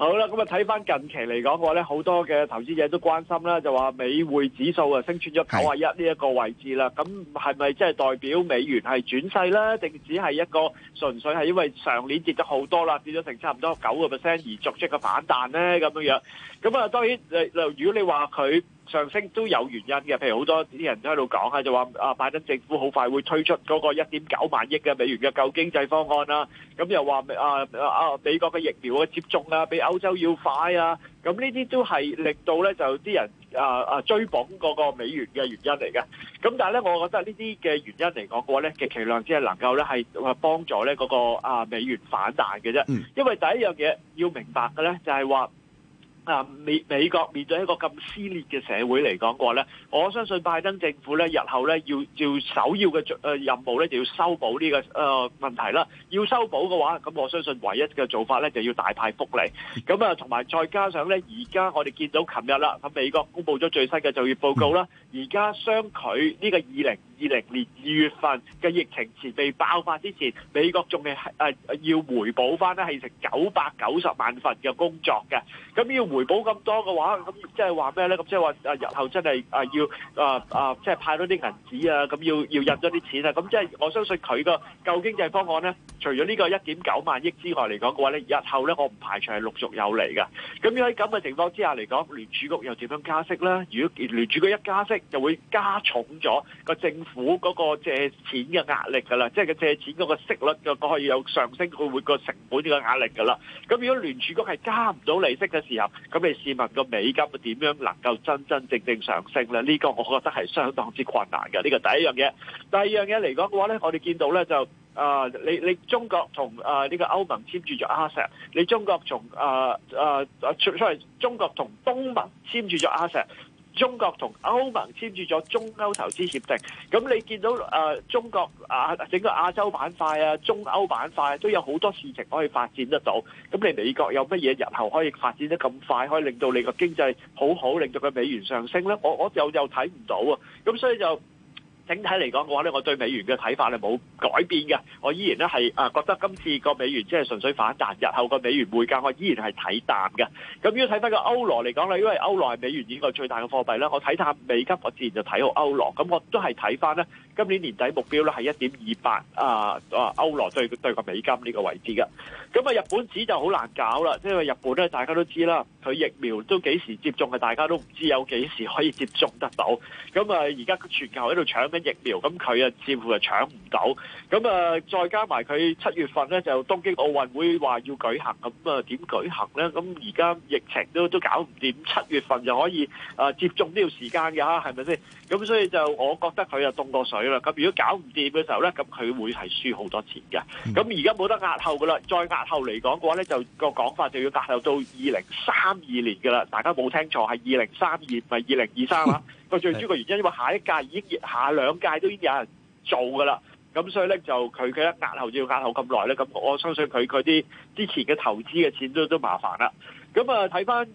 好啦，咁啊睇翻近期嚟講嘅話咧，好多嘅投資者都關心啦，就話美匯指數啊，升穿咗九啊一呢一個位置啦，咁係咪即係代表美元係轉勢啦定只係一個純粹係因為上年跌咗好多啦，跌咗成差唔多九個 percent 而作出嘅反彈咧，咁樣？咁啊，當然，如果你話佢上升都有原因嘅，譬如好多啲人都喺度講啊，就話啊，拜登政府好快會推出嗰個一點九萬億嘅美元嘅救經濟方案啦。咁又話啊啊美國嘅疫苗嘅接種啊，比歐洲要快啊。咁呢啲都係令到咧就啲人啊啊追捧嗰個美元嘅原因嚟嘅。咁但係咧，我覺得呢啲嘅原因嚟講嘅話咧，極其量只係能夠咧係幫助咧嗰個啊美元反彈嘅啫。因為第一樣嘢要明白嘅咧，就係話。啊美美國面對一個咁撕裂嘅社會嚟講嘅話咧，我相信拜登政府咧日後咧要要首要嘅誒任務咧就要修補呢個誒問題啦。要修補嘅話，咁我相信唯一嘅做法咧就要大派福利。咁啊，同埋再加上咧，而家我哋見到琴日啦，咁美國公佈咗最新嘅就業報告啦，而家相距呢個二零。二零年二月份嘅疫情前被爆發之前，美國仲係要回補翻咧，係成九百九十萬份嘅工作嘅。咁要回補咁多嘅話，咁即係話咩咧？咁即係話日後真係要誒誒，即係派多啲銀紙啊，咁要要印多啲錢啊。咁即係我相信佢個救經濟方案咧，除咗呢個一點九萬億之外嚟講嘅話咧，日後咧我唔排除係陸續有嚟㗎。咁喺咁嘅情況之下嚟講，聯儲局又點樣加息啦？如果聯儲局一加息，就會加重咗個政。府、那、嗰個借錢嘅壓力噶啦，即係佢借錢嗰個息率個可以有上升，佢會個成本呢個壓力噶啦。咁如果聯儲局係加唔到利息嘅時候，咁你試問個美金點樣能夠真真正正上升咧？呢、這個我覺得係相當之困難嘅。呢個第一樣嘢。第二樣嘢嚟講嘅話咧，我哋見到咧就啊，你你中國同啊呢個歐盟簽住咗 R 石，你中國從啊啊出出嚟，中國同東盟簽住咗 R 石。中國同歐盟簽署咗中歐投資協定，咁你見到、呃、中國啊整個亞洲板塊啊中歐板塊都有好多事情可以發展得到，咁你美國有乜嘢日後可以發展得咁快，可以令到你個經濟好好，令到個美元上升呢？我我又又睇唔到啊，咁所以就。整體嚟講嘅話咧，我對美元嘅睇法係冇改變嘅，我依然咧係啊覺得今次個美元即係純粹反彈，日後個美元匯價我依然係睇淡嘅。咁如果睇翻個歐羅嚟講咧，因為歐羅係美元以外最大嘅貨幣咧，我睇淡美金，我自然就睇好歐羅。咁我都係睇翻咧。今年年底目標咧，係一點二八啊，啊歐羅對對個美金呢個位置嘅，咁啊日本紙就好難搞啦，因為日本咧，大家都知啦，佢疫苗都幾時接種啊，大家都唔知有幾時可以接種得到。咁啊而家全球喺度搶緊疫苗，咁佢啊似乎係搶唔到。咁啊再加埋佢七月份咧，就東京奧運會話要舉行，咁啊點舉行咧？咁而家疫情都都搞唔掂，七月份就可以啊接種呢個時間嘅嚇，係咪先？咁所以就我覺得佢啊凍過水。咁如果搞唔掂嘅時候咧，咁佢會係輸好多錢嘅。咁而家冇得押後噶啦，再押後嚟講嘅話咧，就個講法就要押後到二零三二年噶啦。大家冇聽錯，係二零三二唔係二零二三啊。個最主要原因因為下一屆已經下兩屆都已經有人做噶啦，咁所以咧就佢一押後就要押後咁耐咧，咁我相信佢佢啲之前嘅投資嘅錢都都麻煩啦。咁啊睇翻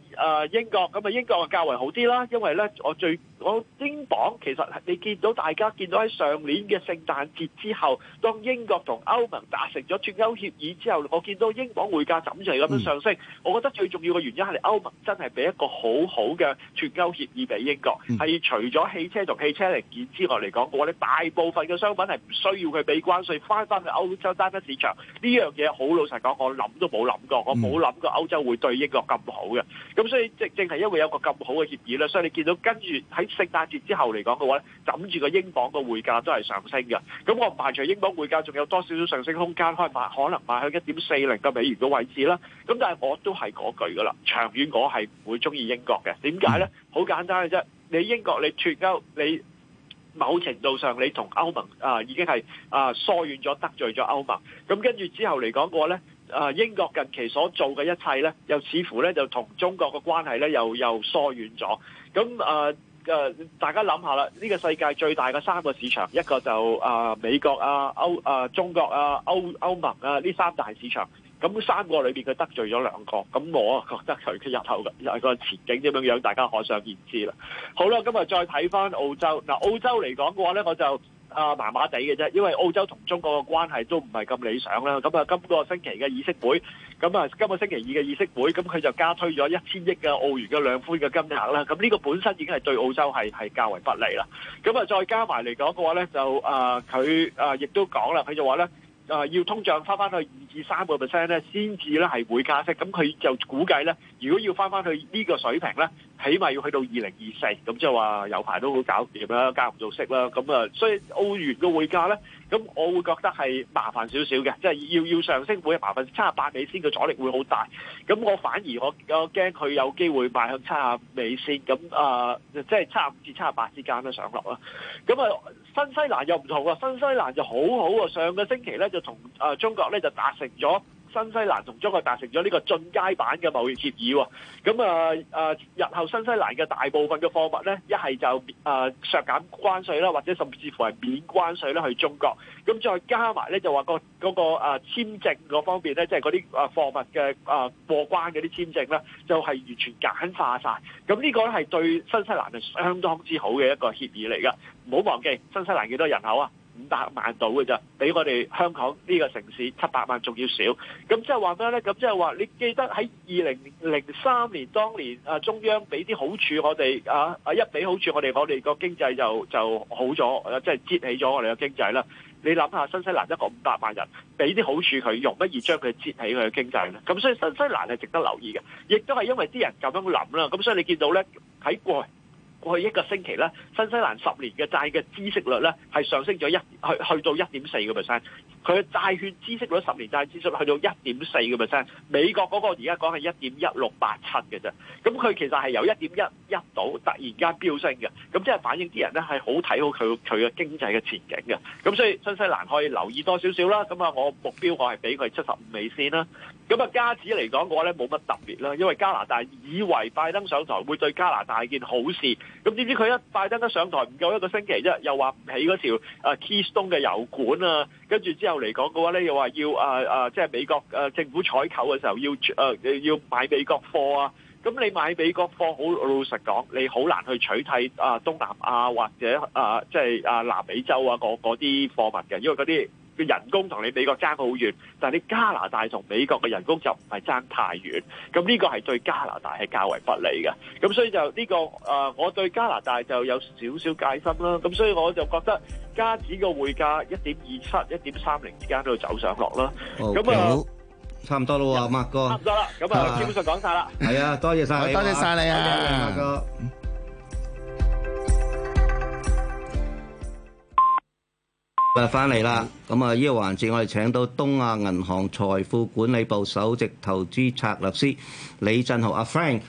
英國，咁啊英國啊較為好啲啦，因為咧我最。我英鎊其實你見到大家見到喺上年嘅聖誕節之後，當英國同歐盟達成咗脱歐協議之後，我見到英鎊匯價枕住嚟咁樣上升，嗯。我覺得最重要嘅原因係歐盟真係俾一個好好嘅脱歐協議俾英國，係、嗯、除咗汽車同汽車零件之外嚟講，我哋大部分嘅商品係唔需要佢俾關稅，翻返去歐洲單一市場。呢樣嘢好老實講，我諗都冇諗過，我冇諗過歐洲會對英國咁好嘅。咁所以正正係因為有個咁好嘅協議咧，所以你見到跟住喺聖誕節之後嚟講嘅話咧，枕住個英鎊個匯價都係上升嘅。咁、嗯、我唔排除英鎊匯價仲有多少少上升空間，開賣可能賣去一點四零個美元嘅位置啦。咁、嗯、但係我都係嗰句㗎啦，長遠我係唔會中意英國嘅。點解咧？好簡單嘅啫，你英國你脱歐，你，你某程度上你同歐盟啊、呃、已經係啊、呃、疏遠咗，得罪咗歐盟。咁、嗯、跟住之後嚟講嘅話呢，咧、呃，英國近期所做嘅一切咧，又似乎咧就同中國嘅關係咧又又疏遠咗。咁、嗯、啊～、呃呃、大家諗下啦，呢、這個世界最大嘅三個市場，一個就啊、呃、美國啊、呃、中國啊、歐歐，歐盟啊，呢三大市場。咁三個裏面，佢得罪咗兩個，咁我覺得佢佢日後嘅日個前景點樣樣，大家可想而知啦。好啦，今日再睇翻澳洲。嗱、呃，澳洲嚟講嘅話咧，我就。啊，麻麻地嘅啫，因為澳洲同中國嘅關係都唔係咁理想啦。咁啊，今個星期嘅議息會，咁啊，今個星期二嘅議息會，咁佢就加推咗一千億嘅澳元嘅量寬嘅金額啦。咁呢個本身已經係對澳洲係係較為不利啦。咁啊，再加埋嚟講嘅話咧，就啊，佢啊，亦都講啦，佢就話咧，啊，要通脹翻翻去二至三個 percent 咧，先至咧係會加息。咁佢就估計咧，如果要翻翻去呢個水平咧。起碼要去到二零二四，咁即係話有排都好搞掂啦，加唔到息啦，咁啊，所以澳元個匯價咧，咁我會覺得係麻煩少少嘅，即、就、係、是、要要上升會麻煩，七十八美仙嘅阻力會好大，咁我反而我我驚佢有機會賣向七十五美仙，咁啊，即係七十五至七十八之間咧上落啦，咁啊新西蘭又唔同啊，新西蘭就好好啊，上個星期咧就同、呃、中國咧就達成咗。新西蘭同中國達成咗呢個進階版嘅貿易協議喎，咁啊啊，日後新西蘭嘅大部分嘅貨物咧，一係就啊、呃、削減關稅啦，或者甚至乎係免關稅啦去中國，咁再加埋咧就話、嗰個嗰、嗰個啊簽證嗰方面咧，即係嗰啲啊貨物嘅啊過關嗰啲簽證咧，就係、係、完全簡化晒。咁呢個咧係對新西蘭係相當之好嘅一個協議嚟㗎，唔好忘記新西蘭幾多人口啊！五百萬度嘅咋，比我哋香港呢個城市七百萬仲要少。咁即係話咩咧？咁即係話你記得喺二零零三年當年啊，中央俾啲好處我哋啊啊一俾好處我哋，我哋個經濟就就好咗，即係擠起咗我哋嘅經濟啦。你諗下新西蘭一個五百萬人，俾啲好處佢容不易將佢擠起佢嘅經濟咧。咁所以新西蘭係值得留意嘅，亦都係因為啲人咁樣諗啦。咁所以你見到咧喺過去。過去一個星期咧，新西蘭十年嘅債嘅孳息率咧係上升咗一去去到一點四個 percent，佢嘅債券孳息率十年債孳息率去到一點四個 percent，美國嗰個而家講係一點一六八七嘅啫，咁佢其實係由一點一一度突然間飆升嘅，咁即係反映啲人咧係好睇好佢佢嘅經濟嘅前景嘅，咁所以新西蘭可以留意多少少啦，咁啊我目標我係俾佢七十五美仙啦。咁啊，加紙嚟講嘅話咧，冇乜特別啦，因為加拿大以為拜登上台會對加拿大件好事。咁點知佢一拜登一上台，唔夠一個星期啫，又話唔起嗰條啊 Keystone 嘅油管啊，跟住之後嚟講嘅話咧，又話要啊即係、啊就是、美國、啊、政府採購嘅時候要誒、啊啊、要買美國貨啊。咁你買美國貨，好老實講，你好難去取替啊東南亞或者啊即係、就是、啊南美洲啊嗰嗰啲貨物嘅，因為嗰啲。嘅人工同你美國爭好遠，但係你加拿大同美國嘅人工就唔係爭太遠，咁呢個係對加拿大係較為不利嘅，咁所以就呢、呢個誒、呃，我對加拿大就有少少戒心啦，咁所以我就覺得加紙個匯價一點二七、一點三零之間都要走上落啦。好、okay.，差唔多咯喎，麥、啊、哥。差唔多啦，咁啊基本上講晒啦。係、uh, 啊，多謝晒。多謝晒你啊，誒，翻嚟啦！咁啊，依個環節我哋請到東亞銀行財富管理部首席投資策略師李振豪阿 Frank。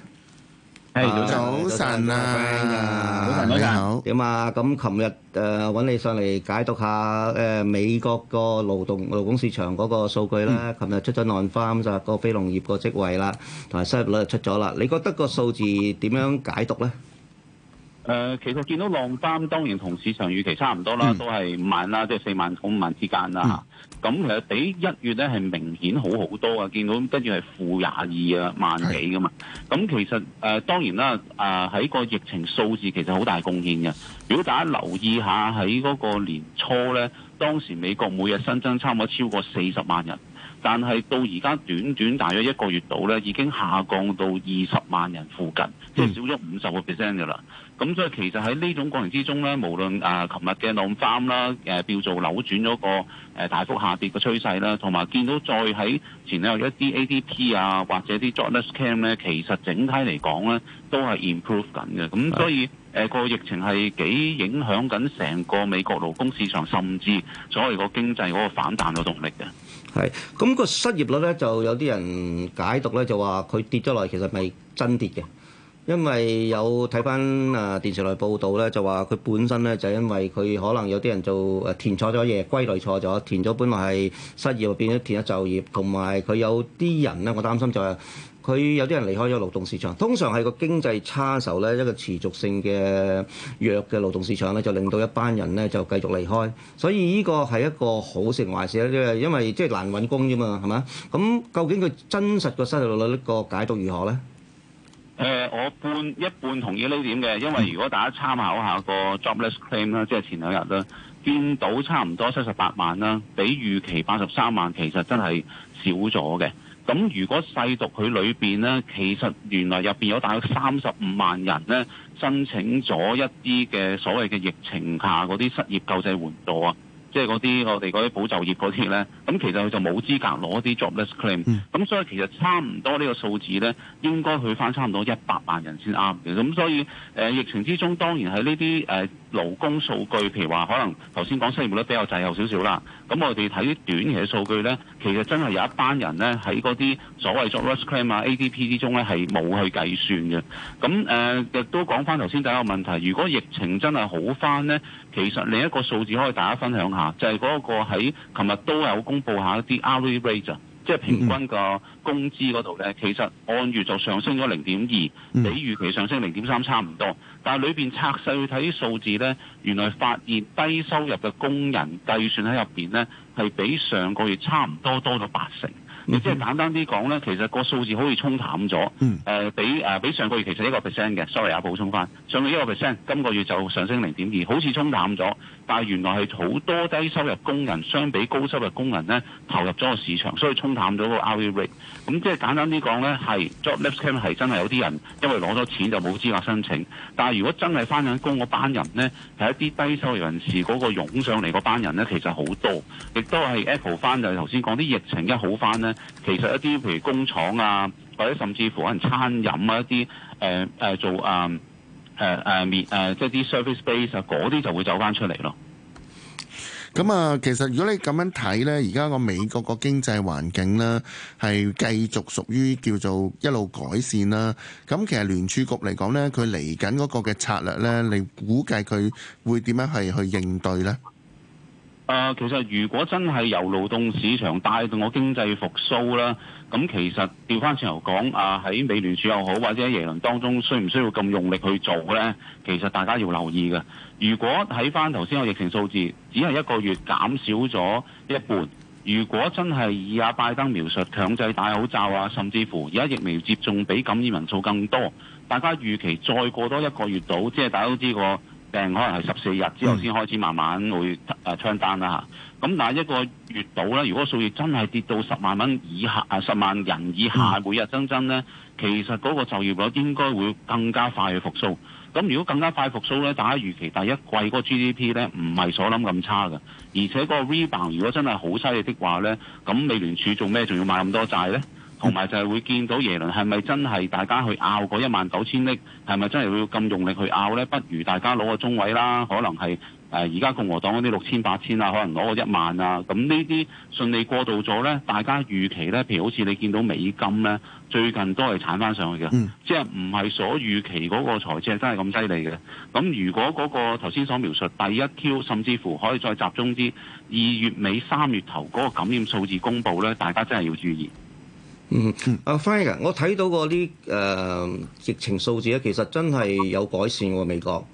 係早晨啊，早晨你好。點啊？咁琴日誒，揾你上嚟解讀下誒，美國個勞動勞工市場嗰個數據啦。琴日出咗 non-farm 就個非農業個職位啦，同埋失業率又出咗啦。你覺得個數字點樣解讀咧？誒、呃，其實見到浪單當然同市場預期差唔多啦，嗯、都係五萬啦，即係四萬、五萬之間啦。咁其實比一月咧係明顯好好多呀，見到跟住係負廿二啊萬幾㗎嘛。咁、嗯、其實誒、呃、當然啦，誒喺個疫情數字其實好大貢獻嘅。如果大家留意下喺嗰個年初咧，當時美國每日新增差唔多超過四十萬人，但係到而家短短大約一個月度咧，已經下降到二十萬人附近，嗯、即係少咗五十個 percent 嘅啦。咁所以其實喺呢種過程之中咧，無論啊，琴日嘅浪三啦，誒，叫做扭轉咗個誒大幅下跌嘅趨勢啦，同埋見到再喺前兩日一啲 ADP 啊，或者啲 Jobless Claim 咧，其實整體嚟講咧，都係 improve 緊嘅。咁所以誒個疫情係幾影響緊成個美國勞工市場，甚至所謂個經濟嗰個反彈嘅動力嘅。係。咁個失業率咧，就有啲人解讀咧，就話佢跌咗落，其實係真跌嘅。因為有睇翻啊電視台報道咧，就話佢本身咧就因為佢可能有啲人就填錯咗嘢，歸類錯咗，填咗本來係失業變咗填咗就業，同埋佢有啲人咧，我擔心就係佢有啲人離開咗勞動市場。通常係個經濟差嘅時候咧，一個持續性嘅弱嘅勞動市場咧，就令到一班人咧就繼續離開。所以呢個係一個好事壞壞事咧？因為即係難揾工啫嘛，係嘛？咁究竟佢真實個失業率呢個解讀如何咧？誒、呃，我半一半同意呢點嘅，因為如果大家參考一下個 jobless claim 啦，即係前兩日啦，見到差唔多七十八萬啦，比預期八十三萬其實真係少咗嘅。咁如果細讀佢裏面呢，其實原來入面有大約三十五萬人呢申請咗一啲嘅所謂嘅疫情下嗰啲失業救濟援助啊。即係嗰啲我哋嗰啲保就業嗰啲咧，咁其實佢就冇資格攞啲 jobless claim，咁所以其實差唔多個呢個數字咧，應該去翻差唔多一百萬人先啱嘅，咁所以誒、呃、疫情之中當然喺呢啲誒。呃勞工數據，譬如話可能頭先講失業率比較滯後少少啦。咁我哋睇啲短期嘅數據呢，其實真係有一班人呢喺嗰啲所謂 jobless claim 啊、ADP 之中呢係冇去計算嘅。咁誒、呃、亦都講翻頭先第一個問題，如果疫情真係好翻呢，其實另一個數字可以大家分享下，就係、是、嗰個喺琴日都有公布一下啲 average rate，即係平均個工資嗰度呢，其實按月就上升咗零點二，比預期上升零點三差唔多。但係裏邊拆細去睇啲數字呢，原來發現低收入嘅工人計算喺入面呢，係比上個月差唔多多咗八成。你即係簡單啲講呢，其實個數字好似沖淡咗。誒、mm. 呃，比、呃、比上個月其實一個 percent 嘅，sorry 啊，補充翻上個一個 percent，今個月就上升零點二，好似沖淡咗。但原來係好多低收入工人相比高收入工人呢，投入咗個市場，所以沖淡咗個 o u t o rate。咁即係簡單啲講呢，係 jobless claim 係真係有啲人因為攞咗錢就冇資格申請。但如果真係翻緊工嗰班人呢，係一啲低收入人士嗰個湧上嚟嗰班人呢，其實好多，亦都係 Apple 翻就頭先講啲疫情一好翻呢。其實一啲譬如工廠啊，或者甚至乎可能餐飲啊一啲，誒誒做啊，誒誒面誒，即係啲 service base 啊，嗰啲就會走翻出嚟咯。咁啊，其實如果你咁樣睇咧，而家個美國個經濟環境咧係繼續屬於叫做一路改善啦。咁其實聯儲局嚟講咧，佢嚟緊嗰個嘅策略咧，你估計佢會點樣係去應對咧？誒、呃，其實如果真係由勞動市場帶動個經濟復甦啦，咁其實調翻轉頭講，啊喺美聯儲又好或者耶倫當中，需唔需要咁用力去做呢？其實大家要留意嘅。如果睇翻頭先個疫情數字，只係一個月減少咗一半。如果真係以阿拜登描述強制戴口罩啊，甚至乎而家疫苗接種比感染人數更多，大家預期再過多一個月到，即係大家都知個。病可能係十四日之後先開始慢慢會啊槍單啦嚇，咁但係一個月度咧，如果數字真係跌到十萬蚊以下啊十萬人以下每日增增咧，其實嗰個就業率應該會更加快去復甦。咁如果更加快去復甦咧，大家預期第一季嗰 GDP 咧唔係所諗咁差嘅，而且嗰個 rebound 如果真係好犀利的話咧，咁美聯儲做咩仲要買咁多債咧？同、嗯、埋就係會見到耶倫係咪真係大家去拗個一萬九千億？係咪真係會咁用力去拗呢？不如大家攞個中位啦，可能係誒而家共和黨嗰啲六千八千啊，可能攞個一萬啊。咁呢啲順利過渡咗呢，大家預期呢，譬如好似你見到美金呢，最近都係產翻上去嘅，即係唔係所預期嗰個財赤真係咁犀利嘅？咁如果嗰、那個頭先所描述第一 Q，甚至乎可以再集中啲二月尾三月頭嗰個感染數字公布呢，大家真係要注意。嗯，阿 Frank 我睇到嗰啲誒疫情數字咧，其實真係有改善喎、啊、美國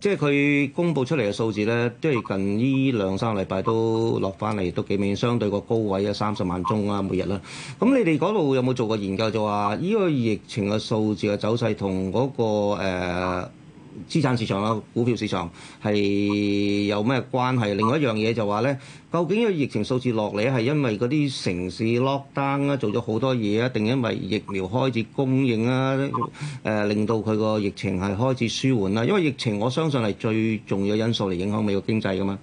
即係佢公布出嚟嘅數字咧，即係近呢兩三個禮拜都落翻嚟，都幾明顯相對個高位啊，三十萬宗啊，每日啦、啊。咁你哋嗰度有冇做過研究就話，呢個疫情嘅數字嘅走勢同嗰個誒？呃資產市場啦，股票市場係有咩關係？另外一樣嘢就話咧，究竟個疫情數字落嚟係因為嗰啲城市 lockdown 啦，做咗好多嘢啊，定因為疫苗開始供應啊，誒、呃，令到佢個疫情係開始舒緩啦。因為疫情我相信係最重要因素嚟影響美國經濟噶嘛。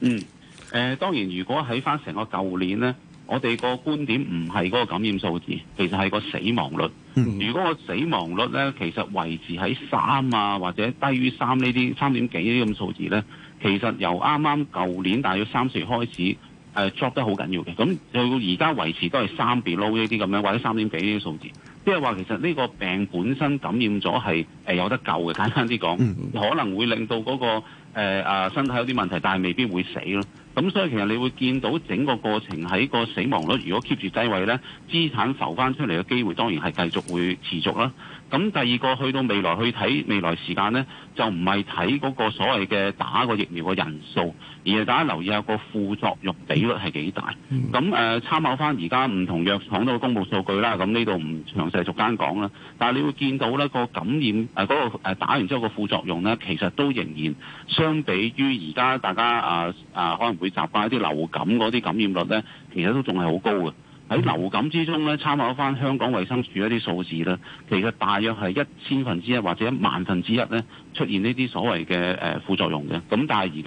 嗯，誒、呃、當然，如果喺翻成個舊年咧，我哋個觀點唔係嗰個感染數字，其實係個死亡率。如果個死亡率咧，其實維持喺三啊，或者低於三呢啲三點幾呢啲咁數字咧，其實由啱啱舊年大約三四月開始，誒、呃、drop 得好緊要嘅，咁到而家維持都係三 below 呢啲咁樣，或者三點幾呢啲數字，即係話其實呢個病本身感染咗係誒有得救嘅，簡單啲講，可能會令到嗰、那個誒、呃、身體有啲問題，但係未必會死咯。咁所以其實你會見到整個過程喺個死亡率如果 keep 住低位咧，資產浮翻出嚟嘅機會當然係繼續會持續啦。咁第二個去到未來去睇未來時間咧，就唔係睇嗰個所謂嘅打個疫苗嘅人數，而係大家留意下個副作用比率係幾大。咁誒參考翻而家唔同藥廠都公布數據啦，咁呢度唔詳細逐間講啦。但係你會見到咧、個感染誒嗰、呃個打完之後個副作用咧，其實都仍然相比於而家大家啊啊、呃呃、可能。會集發一啲流感嗰啲感染率呢，其實都仲係好高嘅。喺流感之中呢，參考翻香港衛生署一啲數字呢，其實大約係一千分之一或者一萬分之一呢，出現呢啲所謂嘅誒副作用嘅。咁但係而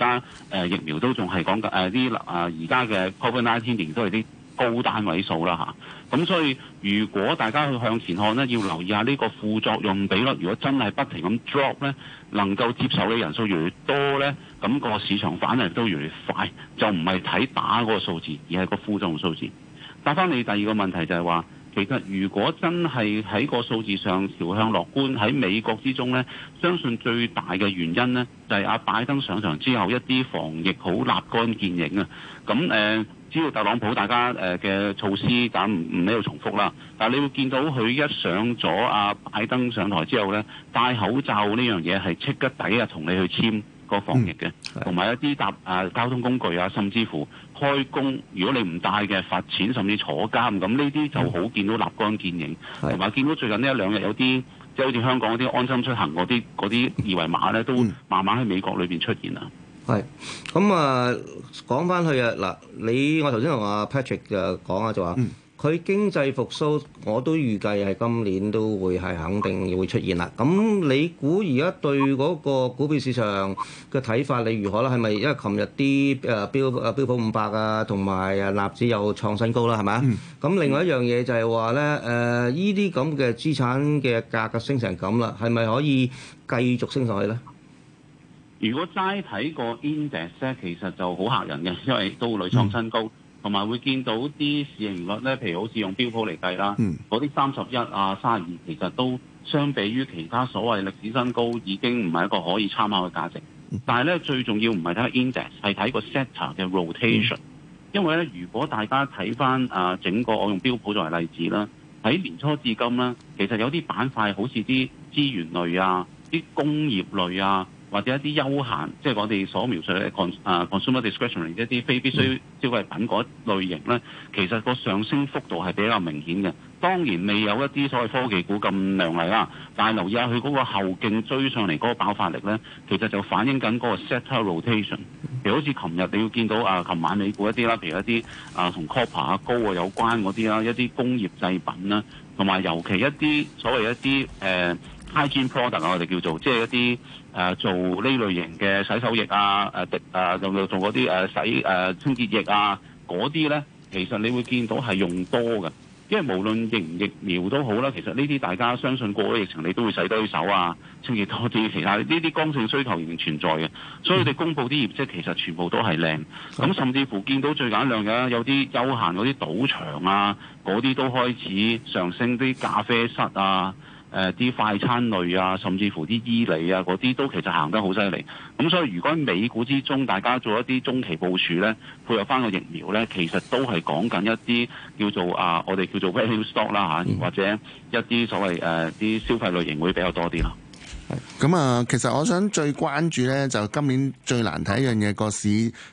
家疫苗都仲係講緊誒啲啊，而家嘅 popularity 都係啲。高單位數啦嚇，咁所以如果大家去向前看呢，要留意下呢個副作用比率。如果真係不停咁 drop 呢，能夠接受嘅人數越嚟越多呢，咁、那個市場反應都越嚟越快，就唔係睇打嗰個數字，而係個副作用數字。答翻你第二個問題就係話，其實如果真係喺個數字上朝向樂觀，喺美國之中呢，相信最大嘅原因呢，就係、是、阿、啊、拜登上場之後一啲防疫好立竿見影啊，咁誒只要特朗普大家誒嘅、呃、措施，但唔喺度重複啦。但係你會見到佢一上咗阿、啊、拜登上台之後咧，戴口罩呢樣嘢係即刻第一日同你去簽個防疫嘅，同、嗯、埋一啲搭啊交通工具啊，甚至乎開工，如果你唔戴嘅罰錢，甚至坐監，咁呢啲就好、嗯、見到立竿見影，同埋見到最近呢一兩日有啲即係好似香港嗰啲安心出行嗰啲嗰啲二維碼咧，都慢慢喺美國裏邊出現啦。係，咁啊講翻去啊嗱，你我頭先同阿 Patrick 就講啊，就話佢經濟復甦，我都預計係今年都會係肯定會出現啦。咁你估而家對嗰個股票市場嘅睇法你如何啦？係咪因為琴日啲誒標誒標普五百啊，同埋啊納指又創新高啦，係嘛？咁另外一樣嘢就係話咧，誒呢啲咁嘅資產嘅價格升成咁啦，係咪可以繼續升上去咧？如果齋睇個 index 咧，其實就好嚇人嘅，因為都屢創新高，同、嗯、埋會見到啲市盈率咧，譬如好似用標普嚟計啦，嗰啲三十一啊、三十二，其實都相比於其他所謂歷史新高，已經唔係一個可以參考嘅價值。嗯、但係咧，最重要唔係睇個 index，係睇個 sector 嘅 rotation、嗯。因為咧，如果大家睇翻啊整個，我用標普作為例子啦，喺年初至今啦，其實有啲板塊好似啲資源類啊、啲工業類啊。或者一啲休閒，即係我哋所描述嘅、mm. uh, consumer discretionary 一啲非必需消費品嗰類型咧，其實個上升幅度係比較明顯嘅。當然未有一啲所謂科技股咁亮麗啦，但係留意下佢嗰個後勁追上嚟嗰個爆發力咧，其實就反映緊嗰個 sector rotation。譬如好似琴日你要見到啊，琴晚美股一啲啦，譬如一啲啊同 copper 啊高啊有關嗰啲啦，一啲工業製品啦，同埋尤其一啲所謂一啲誒 hygiene product 我哋叫做即係、就是、一啲誒、呃、做呢類型嘅洗手液啊、誒、啊、滴啊，做嗰啲誒洗誒、啊、清潔液啊，嗰啲咧其實你會見到係用多嘅，因為無論疫唔疫苗都好啦，其實呢啲大家相信過咗疫情，你都會洗多手啊，清潔多啲其他呢啲剛性需求仍然存在嘅，所以你公布啲業績其實全部都係靚，咁甚至乎見到最簡單嘅有啲休閒嗰啲賭場啊，嗰啲都開始上升啲咖啡室啊。誒、呃、啲快餐類啊，甚至乎啲伊利啊嗰啲都其實行得好犀利。咁所以如果喺美股之中，大家做一啲中期部署呢，配合返個疫苗呢，其實都係講緊一啲叫做啊，我哋叫做 value stock 啦、啊嗯、或者一啲所謂誒啲、呃、消費類型會比較多啲啦。咁、嗯、啊，其實我想最關注呢，就今年最難睇一樣嘢，個市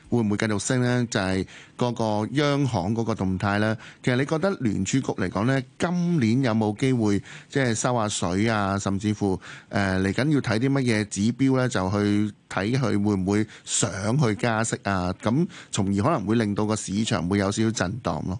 會唔會繼續升呢？就係、是、嗰個央行嗰個動態呢。其實你覺得聯儲局嚟講呢，今年有冇機會即係收下水啊？甚至乎誒嚟緊要睇啲乜嘢指標呢，就去睇佢會唔會想去加息啊？咁從而可能會令到個市場會有少少震蕩咯、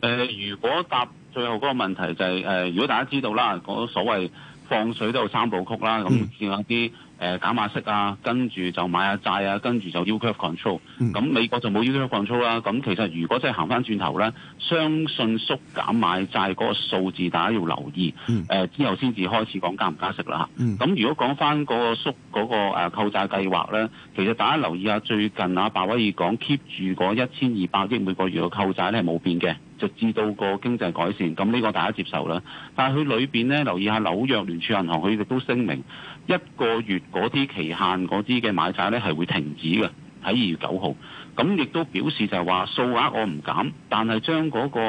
呃。如果答最後嗰個問題就係、是呃、如果大家知道啦，嗰個、所謂。放水都有三部曲啦，咁見、呃、下啲誒減碼式啊，跟住就買下債啊，跟住就 U curve 控 l 咁美國就冇 U curve 控 l 啦。咁其實如果真係行翻轉頭咧，相信縮減買債嗰個數字，大家要留意。誒、嗯呃、之後先至開始講加唔加息啦。咁、嗯、如果講翻嗰個縮嗰、那個誒購、啊、債計劃咧，其實大家留意下最近啊，白威爾講 keep 住嗰一千二百億每個月嘅購債咧，係冇變嘅。直至到個經濟改善，咁呢個大家接受啦。但係佢裏邊咧，留意下紐約聯儲銀行，佢亦都聲明一個月嗰啲期限嗰啲嘅買債咧係會停止嘅，喺二月九號。咁亦都表示就係話數額我唔減，但係將嗰個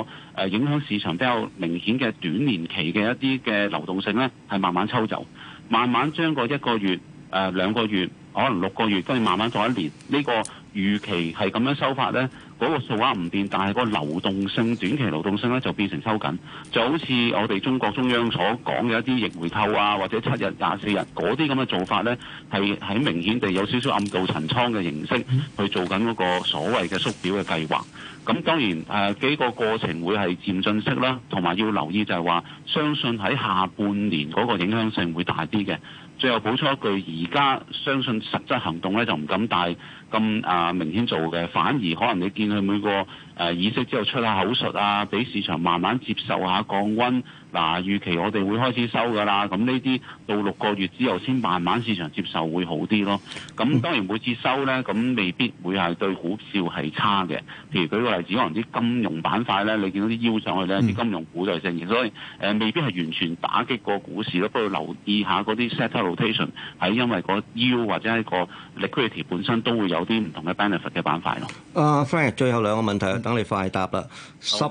誒影響市場比較明顯嘅短年期嘅一啲嘅流動性咧，係慢慢抽走，慢慢將個一個月、誒兩個月、可能六個月，跟住慢慢做一年。呢個預期係咁樣收法咧。嗰、那個數額唔變，但係個流動性，短期流動性咧就變成收緊，就好似我哋中國中央所講嘅一啲逆回購啊，或者七日、廿四日嗰啲咁嘅做法呢，係喺明顯地有少少暗度陳倉嘅形式去做緊嗰個所謂嘅縮表嘅計劃。咁當然誒、呃、幾個過程會係漸進式啦，同埋要留意就係話，相信喺下半年嗰個影響性會大啲嘅。最後補充一句，而家相信實質行動呢就唔敢大。咁啊明顯做嘅，反而可能你見佢每個誒議息之後出下口術啊，俾市場慢慢接受下降溫。嗱、呃，預期我哋會開始收㗎啦，咁呢啲到六個月之後先慢慢市場接受會好啲咯。咁當然每次收呢，咁未必會係對股票係差嘅。譬如舉個例子，可能啲金融板塊呢，你見到啲腰上去呢，啲、嗯、金融股就升嘅，所以、呃、未必係完全打擊個股市咯。不過留意下嗰啲 sector rotation 係因為個腰或者係個 liquidity 本身都會有。有啲唔同嘅 benefit 嘅板塊咯。啊、uh，Frank，最後兩個問題等、嗯、你快答啦。十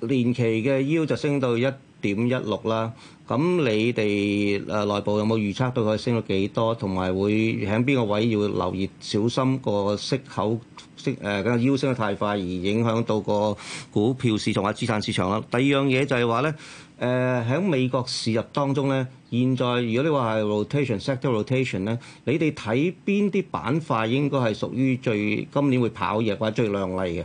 年期嘅 U 就升到一點一六啦。咁你哋誒內部有冇預測到佢升到幾多？同埋會喺邊個位要留意小心個息口息誒個 U 升得太快而影響到個股票市場或者資產市場啦。第二樣嘢就係話咧。誒、呃、喺美國市入當中咧，現在如果你話係 rotation sector rotation 咧，你哋睇邊啲板塊應該係屬於最今年會跑贏或者最亮麗嘅？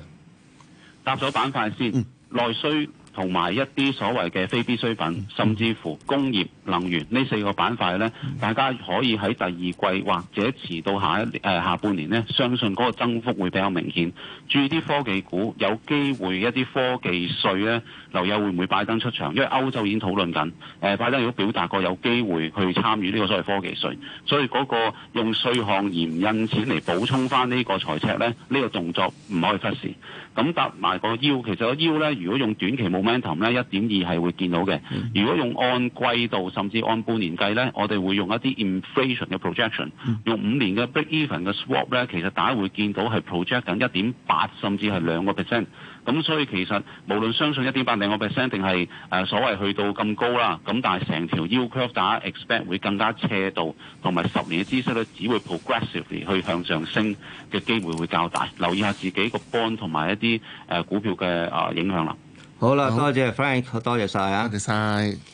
搭咗板塊先，嗯、內需同埋一啲所謂嘅非必需品、嗯，甚至乎工業。能源呢四個板塊呢，大家可以喺第二季或者遲到下一誒、呃、下半年呢，相信嗰個增幅會比較明顯。注意啲科技股有機會一啲科技稅呢，留意會唔會拜登出場？因為歐洲已經討論緊，誒、呃、拜登如果表達過有機會去參與呢個所謂科技稅，所以嗰個用稅項而唔印錢嚟補充翻呢個財赤呢，呢個動作唔可以忽視。咁搭埋個腰，其實個腰呢，如果用短期 momentum 呢，一點二係會見到嘅。如果用按季度，甚至按半年計呢我哋會用一啲 inflation 嘅 projection，用五年嘅 break even 嘅 swap 呢其實大家會見到係 project 緊一點八，甚至係兩個 percent。咁所以其實無論相信一點八兩個 percent 定係誒所謂去到咁高啦，咁但係成條 U curve 大家 expect 會更加斜度，同埋十年嘅孳息呢，只會 progressively 去向上升嘅機會會較大。留意下自己個 bond 同埋一啲誒、呃、股票嘅誒、呃、影響啦。好啦，多謝,謝 Frank，多謝晒。啊！多